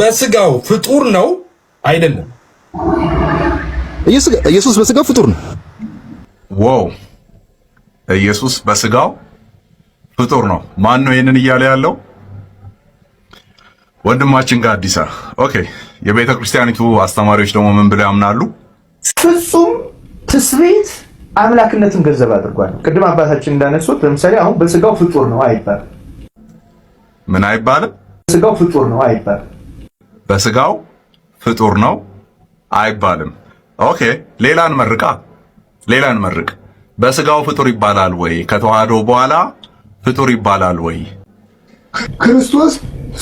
በስጋው ፍጡር ነው አይደለም? ኢየሱስ በስጋው ፍጡር ነው። ዋው! ኢየሱስ በስጋው ፍጡር ነው። ማን ነው ይሄንን እያለ ያለው? ወንድማችን ጋር አዲሳ። ኦኬ፣ የቤተ ክርስቲያኒቱ አስተማሪዎች ደግሞ ምን ብለው ያምናሉ? ፍጹም ትስቤት አምላክነትን ገንዘብ አድርጓል። ቅድም አባታችን እንዳነሱት ለምሳሌ አሁን በስጋው ፍጡር ነው አይባልም። ምን አይባልም? በስጋው ፍጡር ነው አይባልም። በስጋው ፍጡር ነው አይባልም። ኦኬ፣ ሌላን መርቃ ሌላን መርቅ። በስጋው ፍጡር ይባላል ወይ? ከተዋህዶ በኋላ ፍጡር ይባላል ወይ? ክርስቶስ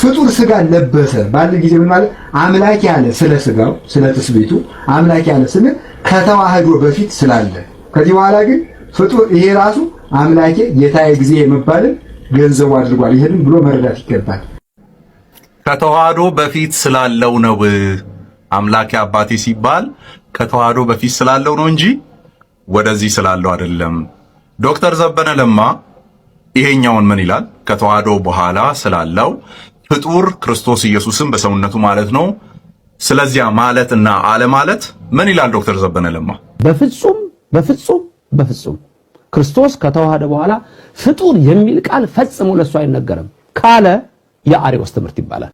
ፍጡር ስጋ ለበሰ ባለ ጊዜ ምን ማለት አምላክ ያለ ስለ ስጋው ስለ ትስቤቱ አምላክ ያለ ስንል ከተዋህዶ በፊት ስላለ፣ ከዚህ በኋላ ግን ፍጡር ይሄ ራሱ አምላኬ ጌታዬ ጊዜ የመባልን ገንዘቡ አድርጓል። ይሄንን ብሎ መረዳት ይገባል። ከተዋህዶ በፊት ስላለው ነው። አምላኬ አባቴ ሲባል ከተዋህዶ በፊት ስላለው ነው እንጂ ወደዚህ ስላለው አይደለም። ዶክተር ዘበነ ለማ ይሄኛውን ምን ይላል? ከተዋህዶ በኋላ ስላለው ፍጡር ክርስቶስ ኢየሱስን በሰውነቱ ማለት ነው። ስለዚያ ማለት እና አለማለት ምን ይላል ዶክተር ዘበነ ለማ? በፍጹም በፍጹም በፍጹም ክርስቶስ ከተዋህደ በኋላ ፍጡር የሚል ቃል ፈጽሞ ለሱ አይነገርም ካለ የአሪዎስ ትምህርት ይባላል።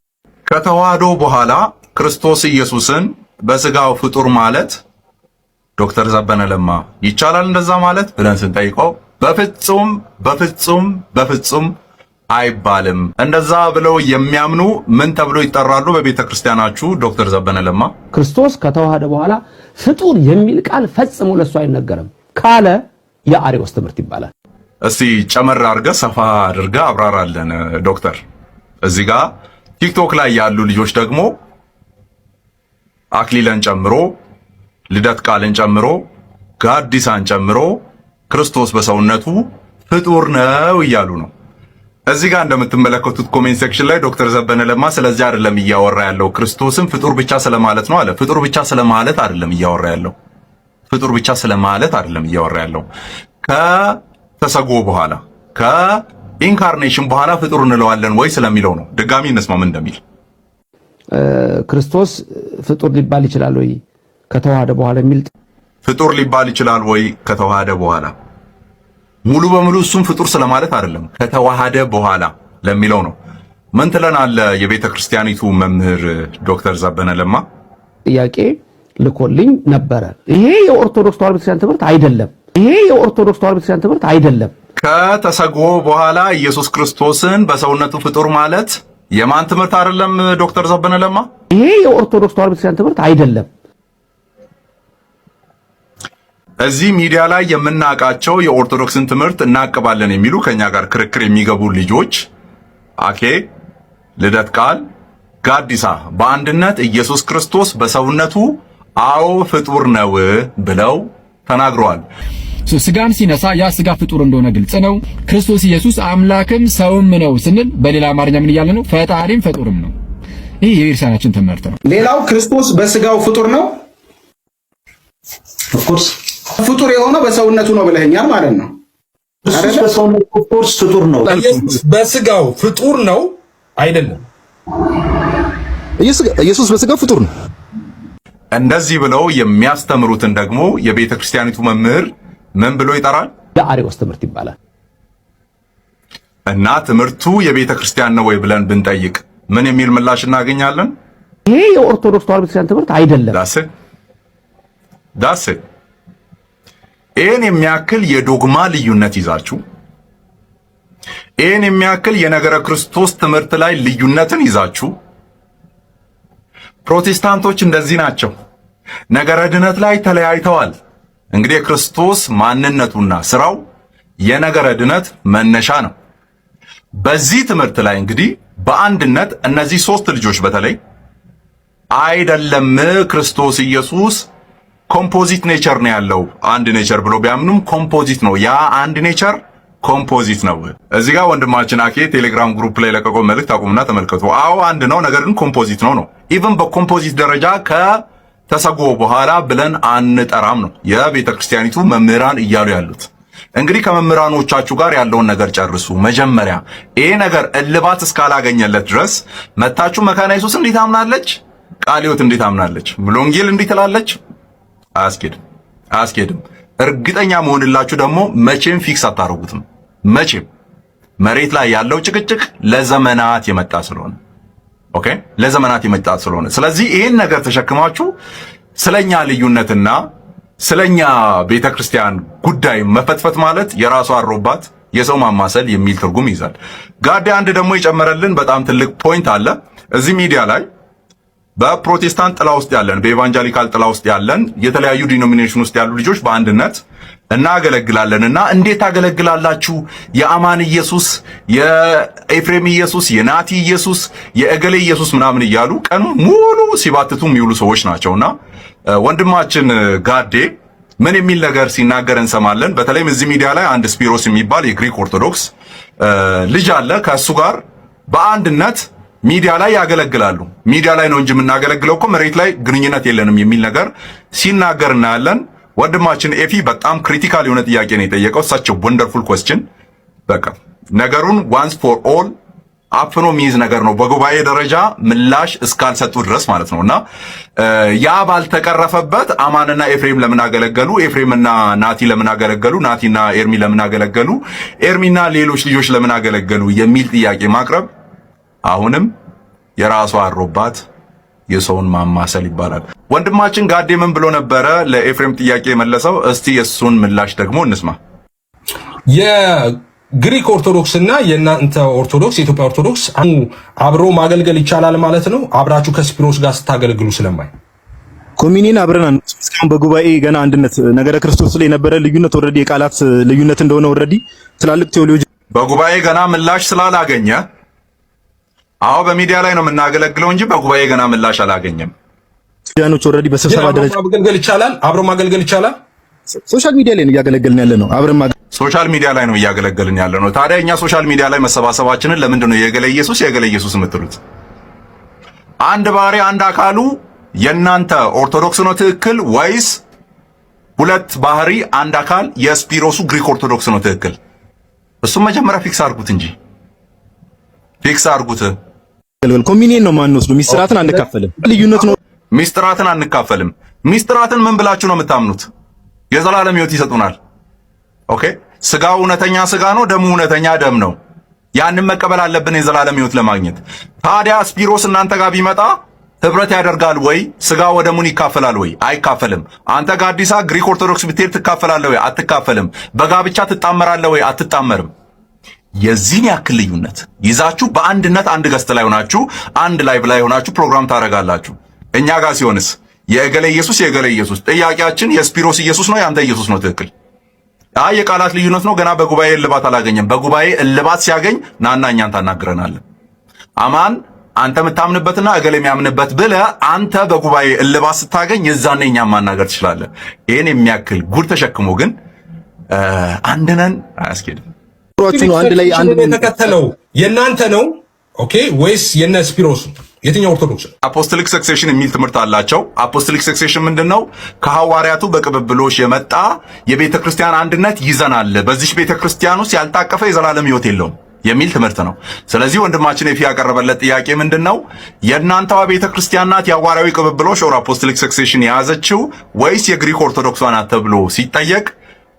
ከተዋህዶ በኋላ ክርስቶስ ኢየሱስን በስጋው ፍጡር ማለት ዶክተር ዘበነ ለማ ይቻላል እንደዛ ማለት ብለን ስንጠይቀው በፍጹም በፍጹም በፍጹም አይባልም። እንደዛ ብለው የሚያምኑ ምን ተብሎ ይጠራሉ? በቤተ ክርስቲያናችሁ ዶክተር ዘበነ ለማ ክርስቶስ ከተዋህደ በኋላ ፍጡር የሚል ቃል ፈጽሞ ለሱ አይነገርም ካለ የአሪዎስ ትምህርት ይባላል። እስቲ ጨመር አድርገ ሰፋ አድርገ አብራራለን ዶክተር። እዚህ ጋር ቲክቶክ ላይ ያሉ ልጆች ደግሞ አክሊለን ጨምሮ ልደት ቃልን ጨምሮ ጋዲሳን ጨምሮ ክርስቶስ በሰውነቱ ፍጡር ነው እያሉ ነው። እዚህ ጋር እንደምትመለከቱት ኮሜንት ሴክሽን ላይ ዶክተር ዘበነ ለማ ስለዚህ አይደለም እያወራ ያለው ክርስቶስም ፍጡር ብቻ ስለማለት ነው አለ። ፍጡር ብቻ ስለማለት አይደለም እያወራ ያለው ፍጡር ብቻ ስለማለት አይደለም እያወራ ያለው ከተሰጎ በኋላ ከ ኢንካርኔሽን በኋላ ፍጡር እንለዋለን ወይ ስለሚለው ነው። ድጋሚ እነስማም እንደሚል ክርስቶስ ፍጡር ሊባል ይችላል ወይ ከተዋሃደ በኋላ የሚል ፍጡር ሊባል ይችላል ወይ ከተዋሃደ በኋላ ሙሉ በሙሉ እሱም ፍጡር ስለማለት አይደለም፣ ከተዋሃደ በኋላ ለሚለው ነው። ምን ትለናል? የቤተ ክርስቲያኒቱ መምህር ዶክተር ዘበነ ለማ ጥያቄ ልኮልኝ ነበረ። ይሄ የኦርቶዶክስ ተዋህዶ ቤተክርስቲያን ትምህርት አይደለም። ይሄ የኦርቶዶክስ ተዋህዶ ቤተክርስቲያን ትምህርት አይደለም። ከተሰግዎ በኋላ ኢየሱስ ክርስቶስን በሰውነቱ ፍጡር ማለት የማን ትምህርት አይደለም? ዶክተር ዘበነ ለማ ይሄ የኦርቶዶክስ ተዋህዶ ቤተክርስቲያን ትምህርት አይደለም። እዚህ ሚዲያ ላይ የምናውቃቸው የኦርቶዶክስን ትምህርት እናቅባለን የሚሉ ከኛ ጋር ክርክር የሚገቡ ልጆች አኬ ልደት ቃል ጋዲሳ በአንድነት ኢየሱስ ክርስቶስ በሰውነቱ አዎ ፍጡር ነው ብለው ተናግረዋል። ስጋን ሲነሳ ያ ስጋ ፍጡር እንደሆነ ግልጽ ነው። ክርስቶስ ኢየሱስ አምላክም ሰውም ነው ስንል በሌላ አማርኛ ምን እያለ ነው? ፈጣሪም ፍጡርም ነው። ይህ የቤርሳናችን ትምህርት ነው። ሌላው ክርስቶስ በስጋው ፍጡር ነው። ኦፍኮርስ ፍጡር የሆነው በሰውነቱ ነው ብለኸኛል ማለት ነው። ክርስቶስ በሰውነቱ ኦፍኮርስ ፍጡር ነው። በስጋው ፍጡር ነው አይደለም። ኢየሱስ በስጋው ፍጡር ነው። እንደዚህ ብለው የሚያስተምሩትን ደግሞ የቤተ ክርስቲያኒቱ መምህር ምን ብሎ ይጠራል? የአሪዎስ ትምህርት ይባላል። እና ትምህርቱ የቤተ ክርስቲያን ነው ወይ ብለን ብንጠይቅ ምን የሚል ምላሽ እናገኛለን? ይሄ የኦርቶዶክስ ተዋህዶ ቤተክርስቲያን ትምህርት አይደለም። ዳስ ዳስ ይህን የሚያክል የዶግማ ልዩነት ይዛችሁ ይህን የሚያክል የነገረ ክርስቶስ ትምህርት ላይ ልዩነትን ይዛችሁ ፕሮቴስታንቶች እንደዚህ ናቸው ነገረ ድነት ላይ ተለያይተዋል እንግዲህ የክርስቶስ ማንነቱና ስራው የነገረ ድነት መነሻ ነው። በዚህ ትምህርት ላይ እንግዲህ በአንድነት እነዚህ ሶስት ልጆች በተለይ አይደለም ክርስቶስ ኢየሱስ ኮምፖዚት ኔቸር ነው ያለው አንድ ኔቸር ብሎ ቢያምኑም ኮምፖዚት ነው ያ አንድ ኔቸር ኮምፖዚት ነው። እዚህ ጋር ወንድማችን አኬ ቴሌግራም ግሩፕ ላይ ለቀቀው መልእክት አቁምና ተመልከቱ። አዎ አንድ ነው፣ ነገር ግን ኮምፖዚት ነው ነው ኢቭን በኮምፖዚት ደረጃ ከ ተሰጎ በኋላ ብለን አንጠራም ነው የቤተ ክርስቲያኒቱ መምህራን እያሉ ያሉት። እንግዲህ ከመምህራኖቻችሁ ጋር ያለውን ነገር ጨርሱ። መጀመሪያ ይሄ ነገር እልባት እስካላገኘለት ድረስ መታችሁ መካነ ኢየሱስ እንዴት አምናለች ቃለ ሕይወት አምናለች ታምናለች፣ ሙሉወንጌል እንዲህ ትላለች። አያስኬድም፣ አያስኬድም። እርግጠኛ መሆንላችሁ ደግሞ መቼም ፊክስ አታደርጉትም። መቼም መሬት ላይ ያለው ጭቅጭቅ ለዘመናት የመጣ ስለሆነ ኦኬ ለዘመናት የመጣ ስለሆነ ስለዚህ ይህን ነገር ተሸክማችሁ ስለኛ ልዩነትና ስለኛ ቤተክርስቲያን ጉዳይ መፈትፈት ማለት የራሱ አሮባት የሰው ማማሰል የሚል ትርጉም ይዛል። ጋዴ አንድ ደግሞ የጨመረልን በጣም ትልቅ ፖይንት አለ እዚህ ሚዲያ ላይ በፕሮቴስታንት ጥላ ውስጥ ያለን በኤቫንጀሊካል ጥላ ውስጥ ያለን የተለያዩ ዲኖሚኔሽን ውስጥ ያሉ ልጆች በአንድነት እናገለግላለን እና እንዴት ታገለግላላችሁ? የአማን ኢየሱስ፣ የኤፍሬም ኢየሱስ፣ የናቲ ኢየሱስ፣ የእገሌ ኢየሱስ ምናምን እያሉ ቀኑ ሙሉ ሲባትቱ የሚውሉ ሰዎች ናቸውና ወንድማችን ጋዴ ምን የሚል ነገር ሲናገር እንሰማለን። በተለይም እዚህ ሚዲያ ላይ አንድ ስፒሮስ የሚባል የግሪክ ኦርቶዶክስ ልጅ አለ። ከእሱ ጋር በአንድነት ሚዲያ ላይ ያገለግላሉ። ሚዲያ ላይ ነው እንጂ የምናገለግለው እኮ መሬት ላይ ግንኙነት የለንም የሚል ነገር ሲናገር እናያለን። ወንድማችን ኤፊ በጣም ክሪቲካል የሆነ ጥያቄ ነው የጠየቀው። ሳቸው ወንደርፉል ኮስችን በቃ ነገሩን ዋንስ ፎር ኦል አፍኖ የሚይዝ ነገር ነው በጉባኤ ደረጃ ምላሽ እስካልሰጡ ድረስ ማለት ነውና ያ ባልተቀረፈበት አማንና ኤፍሬም ለምን አገለገሉ? ኤፍሬምና ናቲ ለምን አገለገሉ? ናቲና ኤርሚ ለምን አገለገሉ? ኤርሚና ሌሎች ልጆች ለምን አገለገሉ? የሚል ጥያቄ ማቅረብ አሁንም የራሷ አሮባት የሰውን ማማሰል ይባላል። ወንድማችን ጋዴ ምን ብሎ ነበረ ለኤፍሬም ጥያቄ የመለሰው? እስቲ የእሱን ምላሽ ደግሞ እንስማ። የግሪክ ኦርቶዶክስ እና የእናንተ ኦርቶዶክስ የኢትዮጵያ ኦርቶዶክስ አብሮ ማገልገል ይቻላል ማለት ነው አብራችሁ ከስፒሮስ ጋር ስታገለግሉ ስለማይ ኮሚኒን አብረን እስካሁን በጉባኤ ገና አንድነት ነገረ ክርስቶስ ላይ የነበረ ልዩነት ኦልሬዲ የቃላት ልዩነት እንደሆነ ኦልሬዲ ትላልቅ ቴዎሎጂ በጉባኤ ገና ምላሽ ስላላገኘ አዎ በሚዲያ ላይ ነው የምናገለግለው እንጂ በጉባኤ ገና ምላሽ አላገኘም። ክርስቲያኖች ኦልሬዲ በስብሰባ ደረጃ ማገልገል ይቻላል፣ አብሮ ማገልገል ይቻላል። ሶሻል ሚዲያ ላይ ነው እያገለገልን ያለ ነው። አብረን ሶሻል ሚዲያ ላይ ነው እያገለገልን ያለ ነው። ታዲያ እኛ ሶሻል ሚዲያ ላይ መሰባሰባችንን ለምንድን ነው የገለ ኢየሱስ የገለ ኢየሱስ የምትሉት? አንድ ባህሪ አንድ አካሉ የእናንተ ኦርቶዶክስ ነው ትክክል ወይስ ሁለት ባህሪ አንድ አካል የስፒሮሱ ግሪክ ኦርቶዶክስ ነው ትክክል? እሱም መጀመሪያ ፊክስ አድርጉት እንጂ ፊክስ አድርጉት። ገልገል ኮሚኒየን ነው ማንወስዱ። ሚስጥራትን አንካፈልም፣ ልዩነት ነው። ሚስጥራትን አንካፈልም። ሚስጥራትን ምን ብላችሁ ነው የምታምኑት? የዘላለም ህይወት ይሰጡናል። ኦኬ፣ ስጋው እውነተኛ ስጋ ነው፣ ደሙ እውነተኛ ደም ነው። ያንን መቀበል አለብን የዘላለም ህይወት ለማግኘት። ታዲያ ስፒሮስ እናንተ ጋር ቢመጣ ህብረት ያደርጋል ወይ? ስጋ ወደሙን ይካፈላል ወይ? አይካፈልም። አንተ ጋር አዲሳ ግሪክ ኦርቶዶክስ ብትሄድ ትካፈላለህ ወይ? አትካፈልም። በጋብቻ ትጣመራለህ ወይ? አትጣመርም። የዚህን ያክል ልዩነት ይዛችሁ በአንድነት አንድ ገስት ላይ ሆናችሁ አንድ ላይቭ ላይ ሆናችሁ ፕሮግራም ታደርጋላችሁ። እኛ ጋር ሲሆንስ የእገለ ኢየሱስ የገለ ኢየሱስ ጥያቄያችን የስፒሮስ ኢየሱስ ነው የአንተ ኢየሱስ ነው ትክክል? አይ የቃላት ልዩነት ነው ገና በጉባኤ እልባት አላገኘም። በጉባኤ እልባት ሲያገኝ ናና እኛን ታናግረናለን። አማን አንተ የምታምንበትና እገሌ የሚያምንበት ብለህ አንተ በጉባኤ እልባት ስታገኝ የዛኔ እኛ ማናገር ትችላለህ። ይህን የሚያክል ጉድ ተሸክሞ ግን አንድነን አያስኬድም። አንድ ላይ አንድ የተከተለው የእናንተ ነው ኦኬ ወይስ የነ ስፒሮስ የትኛው ኦርቶዶክስ ነው? አፖስቶሊክ ሰክሴሽን የሚል ትምህርት አላቸው። አፖስቶሊክ ሰክሴሽን ምንድነው? ከሐዋርያቱ በቅብብሎሽ የመጣ የቤተ ክርስቲያን አንድነት ይዘናል፣ በዚህ ቤተ ክርስቲያን ውስጥ ያልታቀፈ የዘላለም ሕይወት የለውም የሚል ትምህርት ነው። ስለዚህ ወንድማችን የፊ ያቀረበለት ጥያቄ ምንድነው? የእናንተዋ ቤተ ክርስቲያን ናት የሐዋርያዊ ቅብብሎሽ ኦር አፖስቶሊክ ሰክሴሽን የያዘችው ወይስ የግሪክ ኦርቶዶክሷ ናት ተብሎ ሲጠየቅ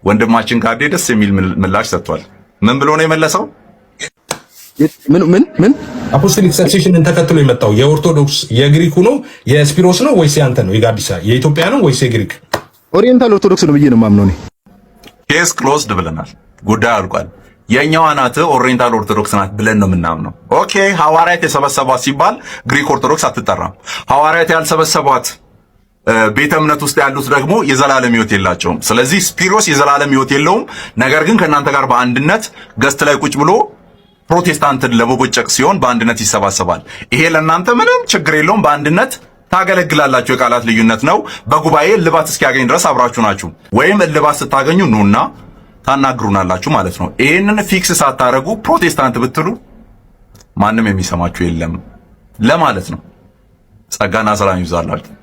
ወንድማችን ጋዴ ደስ የሚል ምላሽ ሰጥቷል። ምን ብሎ ነው የመለሰው? ምን ምን ምን አፖስቶሊክ ሰክሴሽንን ተከትሎ የመጣው የኦርቶዶክስ የግሪኩ ነው የስፒሮስ ነው ወይስ ያንተ ነው? የጋዲሳ የኢትዮጵያ ነው ወይስ የግሪክ? ኦሪየንታል ኦርቶዶክስ ነው ብዬ ነው የማምነው እኔ። ኬስ ክሎዝድ ብለናል፣ ጉዳይ አልቋል። የኛዋ ናት ኦሪየንታል ኦርቶዶክስ ናት ብለን ነው የምናምነው። ኦኬ ሐዋርያት የሰበሰቧት ሲባል ግሪክ ኦርቶዶክስ አትጠራም። ሐዋርያት ያልሰበሰቧት ቤተ እምነት ውስጥ ያሉት ደግሞ የዘላለም ህይወት የላቸውም። ስለዚህ ስፒሮስ የዘላለም ህይወት የለውም። ነገር ግን ከእናንተ ጋር በአንድነት ገስት ላይ ቁጭ ብሎ ፕሮቴስታንትን ለመቦጨቅ ሲሆን በአንድነት ይሰባሰባል። ይሄ ለእናንተ ምንም ችግር የለውም። በአንድነት ታገለግላላችሁ። የቃላት ልዩነት ነው። በጉባኤ እልባት እስኪያገኝ ድረስ አብራችሁ ናችሁ። ወይም እልባት ስታገኙ ኑና ታናግሩናላችሁ ማለት ነው። ይህንን ፊክስ ሳታደረጉ ፕሮቴስታንት ብትሉ ማንም የሚሰማችሁ የለም ለማለት ነው። ጸጋና ሰላም ይብዛላችሁ።